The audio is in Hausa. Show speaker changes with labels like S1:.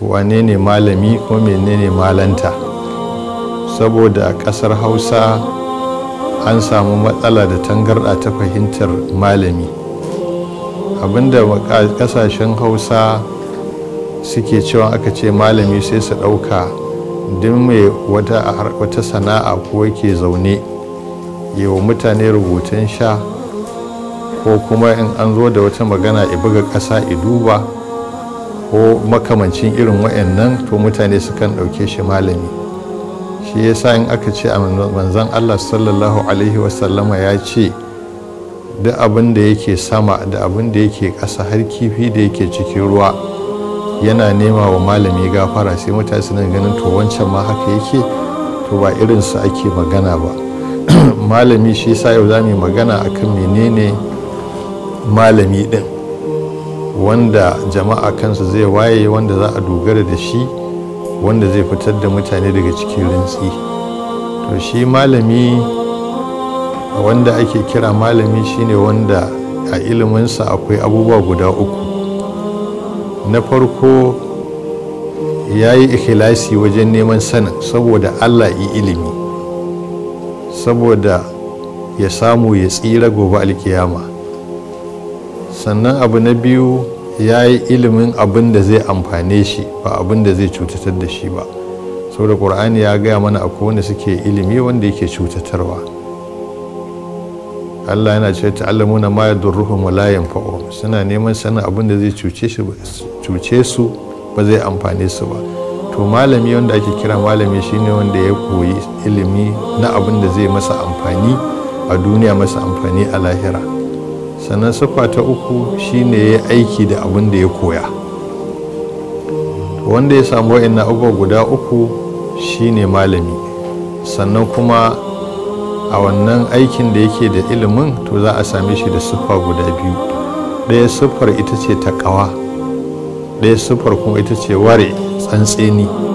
S1: wane ne malami ko menene malanta saboda a kasar hausa an samu matsala da tangarɗa ta fahimtar malami abinda kasashen hausa suke cewa aka ce malami sai su ɗauka duk mai wata sana'a ko yake zaune wa mutane rubutun sha ko kuma in an zo da wata magana buga ƙasa duba ko makamancin irin wa'annan to mutane sukan ɗauke shi malami shi ya sa in aka ce a manzan allah sallallahu alaihi wasallama ya ce duk abin da yake sama da abin da yake ƙasa har kifi da yake cikin ruwa yana nema wa malami gafara sai mutane suna ganin to wancan ma haka yake to ba irinsu ake magana ba malami shi sa yau za mu yi magana akan menene malami ɗin wanda jama'a kansa zai waye wanda za a dogara da shi wanda zai fitar da mutane daga cikin rintsi to shi malami wanda ake kira malami shine wanda a iliminsa akwai abubuwa guda uku na farko ya yi ikhlasi wajen neman sanin saboda allah yi ilimi saboda ya samu ya tsira gobe alkiyama sannan abu na biyu ya yi ilimin abin da zai amfane shi ba abin da zai cutatar da shi ba saboda ƙur'ani ya gaya mana a wanda suke ilimi wanda yake cutatarwa allah yana ce ta'allamuna ma yadurruhum ruhun la suna neman sanin abin da zai cuce su ba zai amfane su ba to malami wanda ake kira malami shine wanda ya koyi ilimi na abin da zai masa amfani a duniya masa amfani a lahira sannan siffa ta uku shine ya aiki da abin da ya koya wanda ya samu wa'annan abubuwa guda uku shine malami sannan kuma a wannan aikin da yake da ilimin to za a same shi da siffa guda biyu ɗaya siffar ita ce ta ƙawa ɗaya siffar kuma ita ce ware tsantseni